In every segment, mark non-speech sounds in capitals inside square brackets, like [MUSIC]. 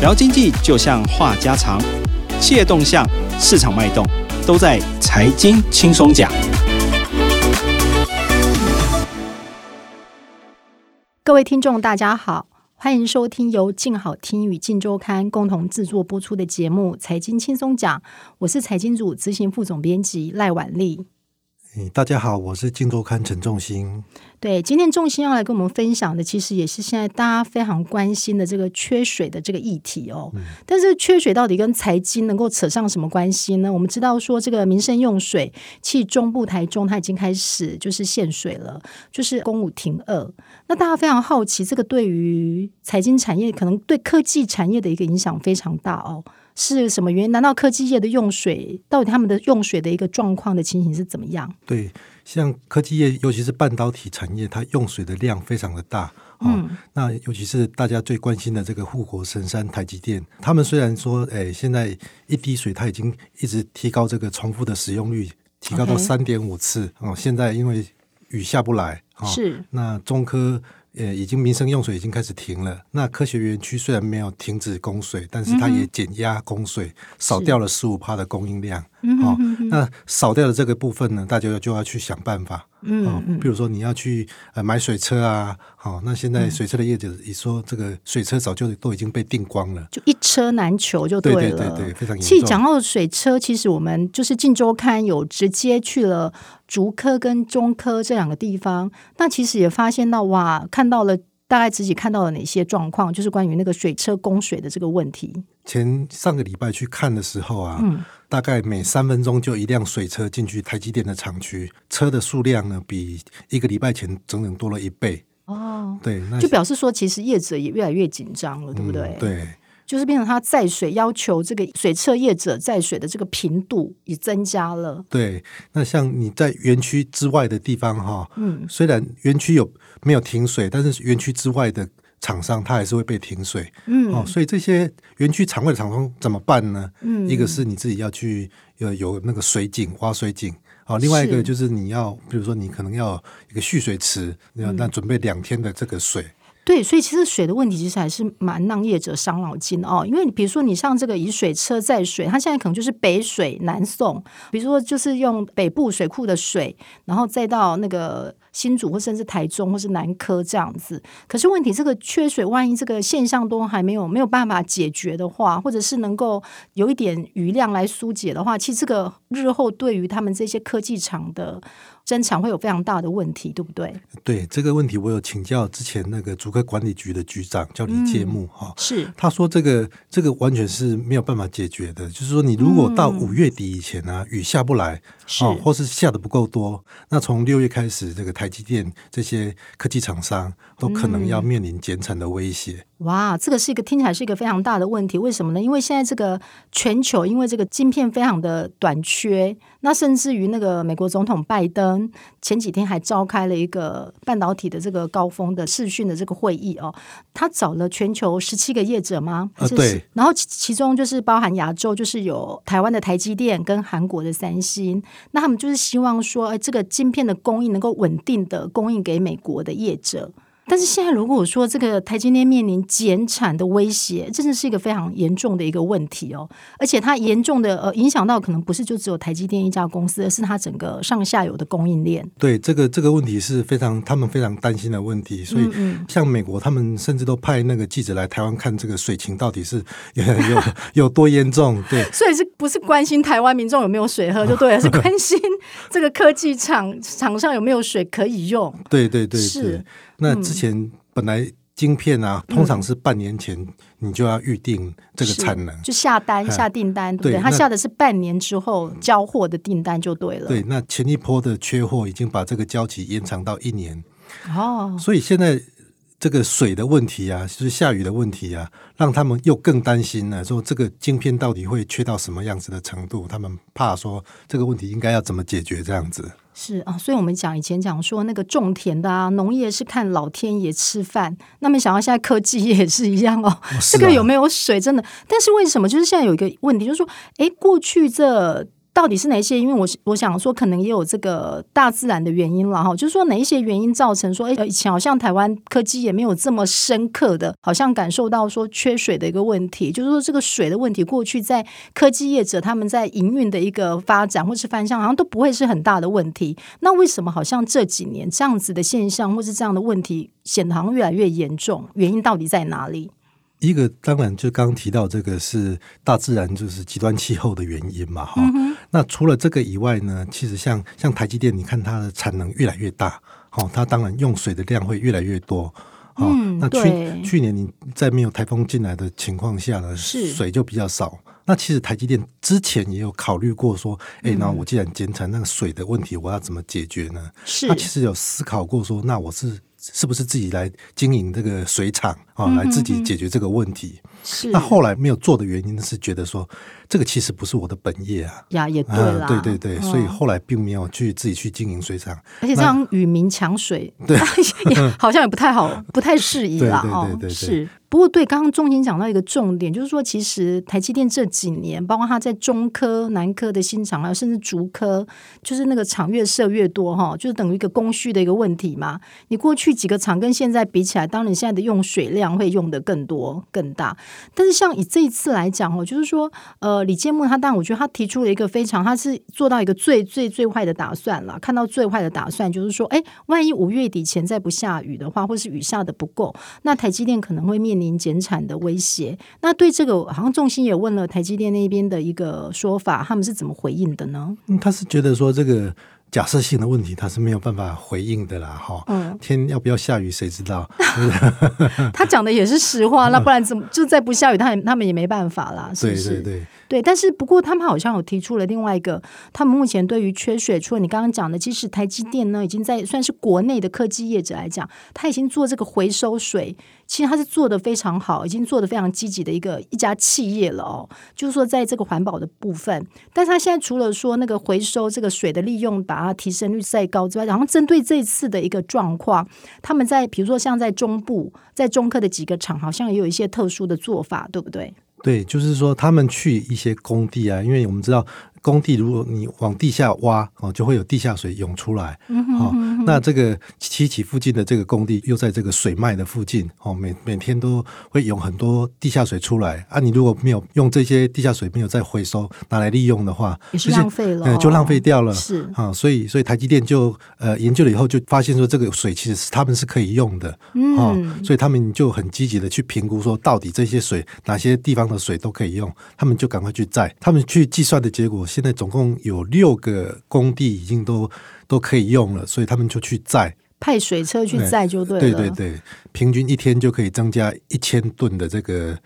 聊經濟就像話家常，企業動向、市場脈動，都在《財經輕鬆講》。各位聽眾，大家好，歡迎收聽由鏡好聽與鏡週刊共同製作播出的節目《財經輕鬆講》，我是財經組執行副總編輯賴婉麗。大家好，我是今周刊陳仲興。對，今天仲興要來跟我們分享的，其實也是現在大家非常關心的這個缺水的這個議題哦、嗯。但是缺水到底跟財經能夠扯上什麼關係呢？我們知道說，這個民生用水，其實中部、台中它已經開始就是限水了，就是供五停二。那大家非常好奇，這個對於財經產業，可能對科技產業的一個影響非常大哦。是什麼原因？難道科技業的用水，到底他們的用水的一個狀況的情形是怎麼樣？對，像科技業，尤其是半導體產業，它用水的量非常的大嗯、哦，那尤其是大家最關心的這個護國神山台積電，他們雖然說，哎，現在一滴水它已經一直提高這個重複的使用率，提高到三點、okay. 五次啊、哦。現在因為雨下不來啊、哦，是那中科，呃，已經民生用水已經開始停了。那科學園區雖然沒有停止供水，但是它也減壓供水，少掉了十五帕的供應量。好，哦、 [LAUGHS] 那少掉的這個部分呢，大家就要去想辦法。嗯、哦，比如說你要去呃買水車啊，好、哦，那現在水車的業者也說這個水車早就都已經被訂光了，就一車難求，就對了，對對，對對，非常嚴重。去講到水車，其實我們就是《鏡周刊》有直接去了竹科跟中科這兩個地方，那其實也發現到哇，看到了大概自己看到了哪些狀況，就是關於那個水車供水的這個問題。前上個禮拜去看的時候啊。嗯大概每三分鐘就一輛水車進去台積電的廠區，車的數量呢，比一個禮拜前整整多了一倍。哦，對，那就表示說其實業者也越來越緊張了、嗯，對不對？對，就是變成他載水，要求這個水車業者載水的這個頻度也增加了。對，那像你在園區之外的地方哈，嗯，雖然園區有沒有停水，但是園區之外的。廠商它還是會被停水，嗯，哦，所以這些園區廠位的廠商怎麼辦呢？嗯，一個是你自己要去有那個水井挖水井，哦，另外一個就是你要是比如說你可能要一個蓄水池，那、嗯、那準備兩天的這個水。對，所以其實水的問題其實還是蠻讓業者傷腦筋的哦，因為你比如說你像這個以水車載水，它現在可能就是北水南送，比如說就是用北部水庫的水，然後再到那個。新竹，或甚至台中或是南科這樣子，可是問題這個缺水，萬一這個現象都還沒有沒有辦法解決的話，或者是能夠有一點餘量來疏解的話，其實這個日後對於他們這些科技廠的生產會有非常大的問題，對不對,對？對這個問題，我有請教之前那個竹科管理局的局長叫李建木哈、嗯，是他說這個這個完全是沒有辦法解決的，就是說你如果到五月底以前呢、啊、雨下不來哦，或是下得不夠多，那從六月開始這個台。台積電這些科技廠商都可能要面臨減產的威脅、嗯。哇，這個是一個聽起來是一個非常大的問題，為什麼呢？因為現在這個全球，因為這個晶片非常的短缺，那甚至於那個美國總統拜登前幾天還召開了一個半導體的這個高峰的視訊的這個會議哦，他找了全球十七個業者嗎？啊，對。就是，然後其，其中就是包含亞洲，就是有台灣的台積電跟韓國的三星，那他們就是希望說，哎，這個晶片的供應能夠穩定的供應給美國的業者。但是現在，如果說這個台積電面臨減產的威脅，真的是一個非常嚴重的一個問題哦。而且它嚴重的呃影響到可能不是就只有台積電一家公司，而是它整個上下游的供應鏈。對，這個這個問題是非常他們非常擔心的問題。所以，嗯嗯像美國他們甚至都派那個記者來台灣看這個水情到底是有有，有多嚴重。對， [LAUGHS] 所以是不是關心台灣民眾有沒有水喝就對了？是關心這個科技廠廠 [LAUGHS] 上有沒有水可以用？對對對，對，是。對那之前本來晶片啊，嗯，通常是半年前你就要預定這個產能，就下單、嗯、下訂單，對，他下的是半年之後交貨的訂單，就對了。對，那前一波的缺貨已經把這個交期延長到一年哦。所以現在這個水的問題啊，就是下雨的問題啊，讓他們又更擔心了、啊，說這個晶片到底會缺到什麼樣子的程度？他們怕說這個問題應該要怎麼解決，這樣子。是啊，所以我們講以前講說那個種田的啊，農業是看老天爺吃飯。那麼想要現在科技也是一樣哦，哦、啊，這個有沒有水真的？但是為什麼就是現在有一個問題，就是說，誒，過去這。到底是哪一些？因為我我想說，可能也有這個大自然的原因了哈。就是說，哪一些原因造成說，哎、欸，以前好像台灣科技也沒有這麼深刻的，好像感受到說缺水的一個問題。就是說，這個水的問題，過去在科技業者他們在營運的一個發展或是方向，好像都不會是很大的問題。那為什麼好像這幾年這樣子的現象或是這樣的問題，顯得好像越來越嚴重？原因到底在哪裡？一個當然就剛剛提到這個是大自然，就是極端氣候的原因嘛哈、嗯，那除了這個以外呢，其實像像台積電，你看它的產能越來越大，好、哦，它當然用水的量會越來越多啊、哦嗯。那去去年你在沒有颱風進來的情況下呢，水就比較少。那其實台積電之前也有考慮過說，哎、嗯，那我既然減產，那個水的問題我要怎麼解決呢？是它其實有思考過說，那我是。是不是自己來經營這個水廠啊、嗯？來自己解決這個問題？是。那後來沒有做的原因是覺得說，這個其實不是我的本業啊。呀，也對啦、嗯、對對對對、嗯，所以後來並沒有去自己去經營水廠。而且這樣與民搶水，對， [LAUGHS] 好像也不太好，不太適宜了。對，對，對，對，對，對、哦。是。不過對，對剛剛中心講到一個重點，就是說，其實台積電這幾年，包括他在中科、南科的新廠，還有甚至竹科，就是那個廠越設越多哈、哦，就是等於一個供需的一個問題嘛。你過去幾個廠跟現在比起來，當然你現在的用水量會用得更多、更大。但是，像以這一次來講哦，就是說，呃，李建木他當然我覺得他提出了一個非常，他是做到一個最最最、最壞的打算了。看到最壞的打算，就是說，哎，萬一五月底前再不下雨的話，或是雨下得不夠，那台積電可能會面。您減產的威脅，那對這個好像重心也問了台積電那邊的一個說法，他們是怎麼回應的呢？嗯，他是覺得說這個假設性的問題，他是沒有辦法回應的啦，哈。嗯，天要不要下雨，誰知道？ [LAUGHS] [LAUGHS] 他講的也是實話， [LAUGHS] 那不然怎麼就再不下雨，他他們也沒辦法啦。 [LAUGHS] 是不是？對對對。對，但是不過他們好像有提出了另外一個，他們目前對於缺水，除了你剛剛講的，其實台積電呢已經在算是國內的科技業者來講，他已經做這個回收水，其實他是做得非常好，已經做得非常積極的一個一家企業了哦。就是說在這個環保的部分，但是他現在除了說那個回收這個水的利用把它提升率再高之外，然後針對這次的一個狀況，他們在比如說像在中部，在中科的幾個廠，好像也有一些特殊的做法，對不對？對，就是說他們去一些工地啊，因為我們知道。工地，如果你往地下挖哦，就會有地下水湧出來。好、嗯哦，那這個七期附近的這個工地又在這個水脈的附近哦，每每天都會湧很多地下水出來啊。你如果沒有用這些地下水，沒有再回收拿來利用的話，就是浪費了、呃，就浪費掉了。是啊、哦，所以所以台積電就呃研究了以後，就發現說這個水其實是他們是可以用的啊、嗯哦，所以他們就很積極的去評估說，到底這些水哪些地方的水都可以用，他們就趕快去載，他們去計算的結果。現在總共有六個工地已經都都可以用了，所以他們就去載，派水車去載就對了。嗯，對對對，平均一天就可以增加一千噸的這個。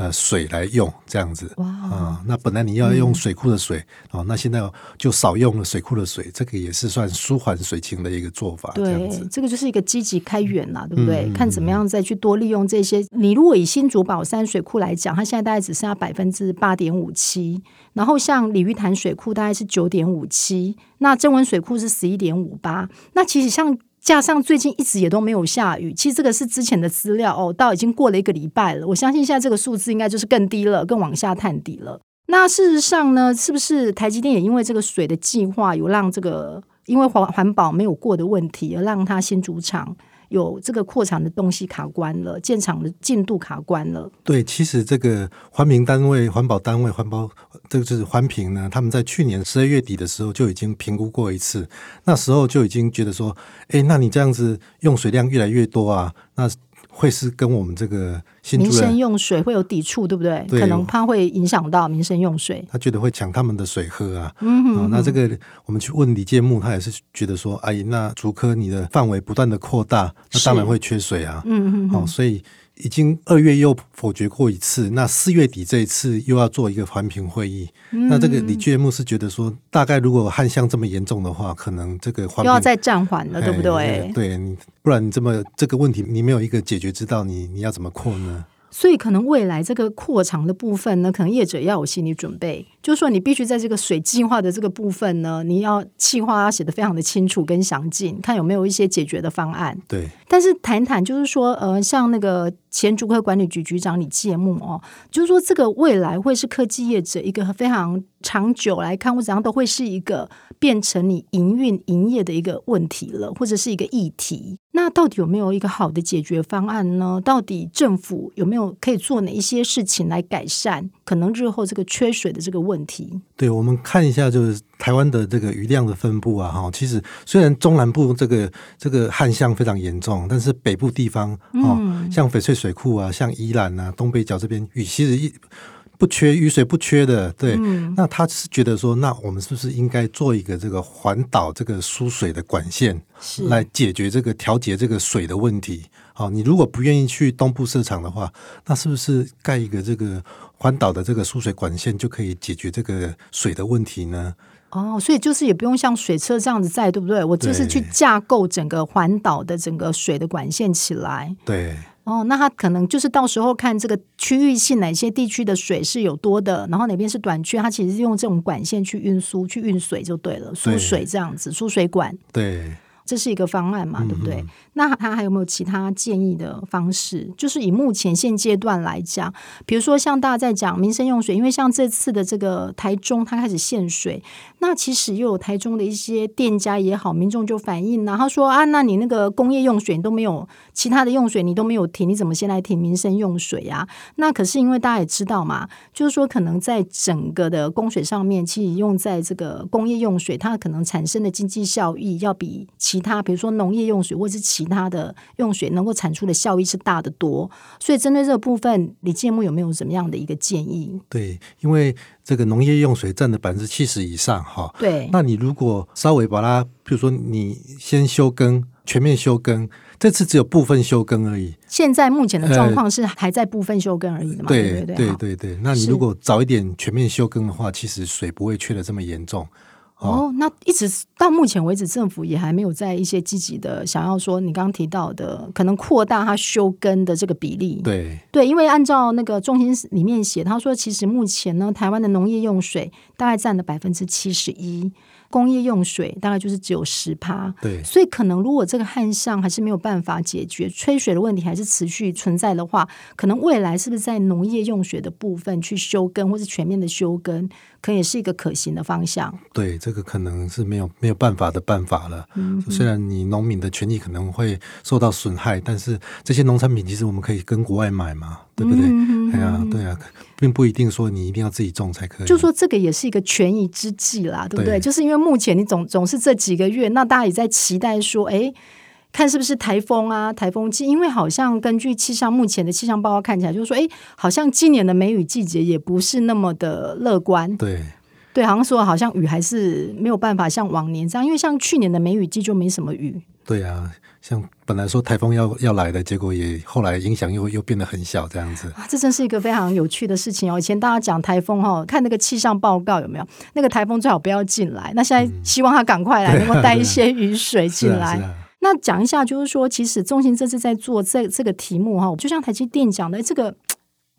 呃、水來用這樣子啊、嗯，那本來你要用水庫的水、嗯哦，那現在就少用了水庫的水，這個也是算舒緩水情的一個做法。對，這個就是一個積極開源了，對不對，嗯？看怎麼樣再去多利用這些。你如果以新竹寶山水庫來講，它現在大概只剩下百分之八點五七，然後像鯉魚潭水庫大概是九點五七，那曾文水庫是十一點五八，那其實像。加上最近一直也都沒有下雨，其實這個是之前的資料哦，到已經過了一個禮拜了。我相信現在這個數字應該就是更低了，更往下探底了。那事實上呢，是不是台積電也因為這個水的計劃，有讓這個因為環環保沒有過的問題，而讓它先築廠？有這個擴產的東西卡關了，建廠的進度卡關了。對，其實這個環評單位、環保單位、環保這個就是環評呢，他們在去年十二月底的時候就已經評估過一次，那時候就已經覺得說，哎、欸，那你這樣子用水量越來越多啊，那。會是跟我們這個新民生用水會有抵觸，對不對，對？可能怕會影響到民生用水，他覺得會搶他們的水喝啊。嗯嗯、哦，那這個我們去問李建木，他也是覺得說，哎，那竹科你的範圍不斷的擴大，那當然會缺水啊。嗯嗯，好、哦，所以。已經二月又否決過一次，那四月底這一次又要做一個環評會議，嗯、那這個李俊牧是覺得說，大概如果旱象這麼嚴重的話，可能這個環評又要再暫緩了，對不對？哎哎、對，不然你這麼這個問題，你沒有一個解決之道你，你你要怎麼擴呢？所以，可能未來這個擴張的部分呢，可能業者要有心理準備，就是說你必須在這個水計劃的這個部分呢，你要計劃要寫得非常的清楚跟詳盡，看有沒有一些解決的方案。對。但是談談，就是說，呃，像那個前竹科管理局局長李界木哦，就是說這個未來會是科技業者一個非常。長久來看，我怎樣都會是一個變成你營運營業的一個問題了，或者是一個議題。那到底有沒有一個好的解決方案呢？到底政府有沒有可以做哪一些事情來改善？可能日後這個缺水的這個問題，對，我們看一下就是台灣的這個雨量的分佈啊，哈，其實雖然中南部這個這個旱象非常嚴重，但是北部地方啊、嗯，像翡翠水庫啊，像宜蘭啊，東北角這邊雨其實一。不缺雨水，不缺的，對、嗯。那他是覺得說，那我們是不是應該做一個這個環島這個輸水的管線，來解決這個調節這個水的問題？好、哦，你如果不願意去東部設廠的話，那是不是蓋一個這個環島的這個輸水管線就可以解決這個水的問題呢？哦，所以就是也不用像水車這樣子在，對不對？我就是去架構整個環島的整個水的管線起來。對。哦，那它可能就是到時候看這個區域性，哪些地區的水是有多的，然後哪邊是短缺，它其實用這種管線去運輸、去運水就對了，對，輸水這樣子，輸水管。對。這是一個方案嘛，對不對？嗯嗯。那他還有沒有其他建議的方式？就是以目前現階段來講，比如說像大家在講民生用水，因為像這次的這個台中，他開始限水，那其實又有台中的一些店家也好，民眾就反映，然後說啊，那你那個工業用水你都沒有，其他的用水你都沒有停，你怎麼先來停民生用水啊？那可是因為大家也知道嘛，就是說可能在整個的供水上面，其實用在這個工業用水，它可能產生的經濟效益要比其它比如說農業用水或者是其他的用水能夠產出的效益是大得多，所以針對這個部分，李建木有沒有什麼樣的一個建議？對，因為這個農業用水占了百分之七十以上，哈，對。那你如果稍微把它，比如說你先休耕，全面休耕，這次只有部分休耕而已。現在目前的狀況是還在部分休耕而已嘛、呃？對對對對，對，對，對那你如果早一點全面休耕的話，其實水不會缺得這麼嚴重。哦，oh，那一直到目前為止，政府也還沒有在一些積極的想要說，你剛剛提到的可能擴大它休耕的這個比例。對對，因為按照那個中心裡面寫，他說其實目前呢，台灣的農業用水大概占了百分之七十一。工業用水大概就是只有十趴，對，所以可能如果這個旱象還是沒有辦法解決，抽水的問題還是持續存在的話，可能未來是不是在農業用水的部分去休耕或是全面的休耕，可能也是一個可行的方向。對，這個可能是沒有沒有辦法的辦法了、嗯。雖然你農民的權益可能會受到損害，但是這些農產品其實我們可以跟國外買嘛，對不對？嗯對啊，對 [NOISE] 啊，並不一定說你一定要自己種才可以。就說，這個也是一個權宜之計啦，對不對？對？就是因為目前你總總是這幾個月，那大家也在期待說，哎，看是不是颱風啊？颱風季，因為好像根據氣象目前的氣象報告看起來，就是說，哎，好像今年的梅雨季節也不是那麼的樂觀。對對，好像說好像雨還是沒有辦法像往年這樣，因為像去年的梅雨季就沒什麼雨。對啊，像。本來說颱風要要來的，結果也後來影響又又變得很小，這樣子，啊。這真是一個非常有趣的事情哦。以前大家講颱風哈，看那個氣象報告有沒有那個颱風，最好不要進來。那現在希望他趕快來，嗯，能夠帶一些雨水進來。啊啊啊啊，那講一下，就是說，其實中心這次在做這這個題目哈，哦，就像台積電講的這個。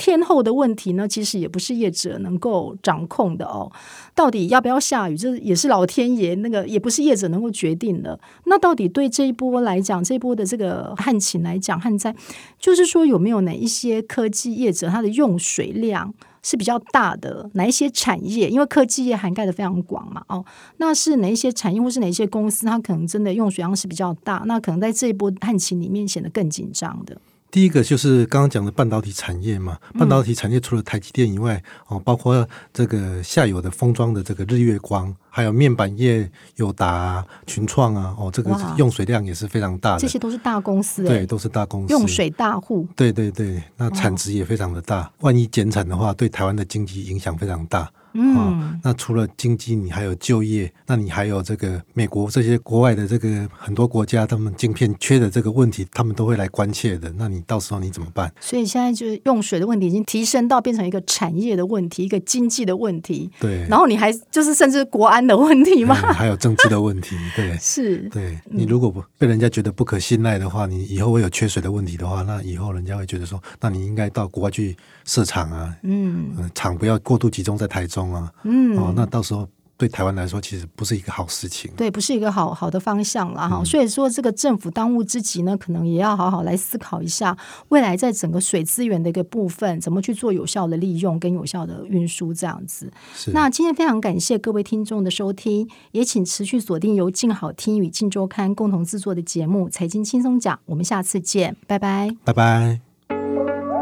天候的問題呢，其實也不是業者能夠掌控的哦。到底要不要下雨，這也是老天爺那個，也不是業者能夠決定的。那到底對這一波來講，這一波的這個旱情來講，旱災，就是說有沒有哪一些科技業者，它的用水量是比較大的？哪一些產業？因為科技業涵蓋的非常廣嘛，哦，那是哪一些產業，或是哪一些公司，它可能真的用水量是比較大，那可能在這一波旱情裡面顯得更緊張的。第一個就是剛剛講的半導體產業嘛，半導體產業除了台積電以外，哦，包括這個下游的封裝的這個日月光，還有面板業友達、群創啊，哦，這個用水量也是非常大的，這些都是大公司，對，都是大公司，用水大戶，對對對，那產值也非常的大，萬一減產的話，對台灣的經濟影響非常大。嗯、哦，那除了經濟，你還有就業，那你還有這個美國這些國外的這個很多國家，他們晶片缺的這個問題，他們都會來關切的。那你到時候你怎麼辦？所以現在就是用水的問題，已經提升到變成一個產業的問題，一個經濟的問題。對，然後你還就是甚至國安的問題嗎？嗯、還有政治的問題，對， [LAUGHS] 是。對，你如果不被人家覺得不可信賴的話，你以後會有缺水的問題的話，那以後人家會覺得說，那你應該到國外去設廠啊。嗯，呃、廠不要過度集中在台中。嗯，哦，那到時候對台灣來說，其實不是一個好事情，對，不是一個好好的方向了哈、嗯。所以說，這個政府當務之急呢，可能也要好好來思考一下，未來在整個水資源的一個部分，怎麼去做有效的利用跟有效的運輸，這樣子。是。那今天非常感謝各位聽眾的收聽，也請持續鎖定由鏡好聽與鏡週刊共同制作的節目《財經輕鬆講》，我們下次見，拜拜，拜拜。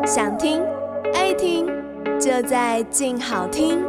想聽愛聽，就在鏡好聽。